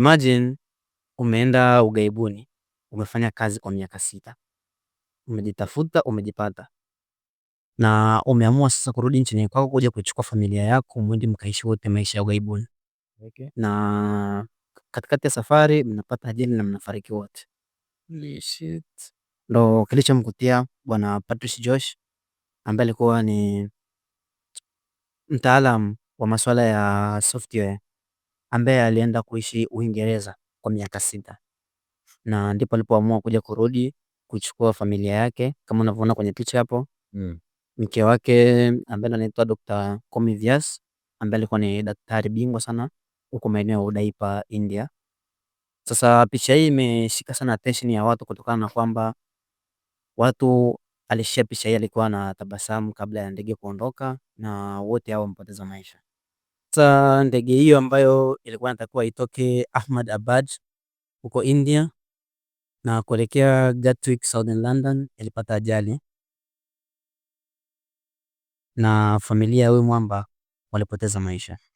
Imagine umeenda ughaibuni, umefanya kazi kwa miaka sita, umejitafuta, umejipata na umeamua sasa kurudi nchini kwako kuja kuchukua familia yako mwende mkaishi wote maisha ya ugaibuni. okay. Na katikati ya safari mnapata ajali na mnafariki wote. Ndo kilichomkutia Bwana Patrice Josh ambaye alikuwa ni mtaalam wa masuala ya software ambaye alienda kuishi Uingereza kwa miaka sita, na ndipo alipoamua kuja kurudi kuchukua familia yake kama unavyoona kwenye picha hapo mm. Mke wake ambaye anaitwa Dr. Komi ambaye alikuwa ni daktari bingwa sana huko maeneo ya Udaipa India. Sasa picha hii imeshika sana attention ya watu kutokana na kwamba watu alishia picha hii alikuwa na tabasamu kabla ya ndege kuondoka, na wote hao wamepoteza maisha kupata ndege hiyo ambayo ilikuwa inatakiwa itoke Ahmad Abad huko India na kuelekea Gatwick Southern London ilipata ajali na familia huyu mwamba walipoteza maisha.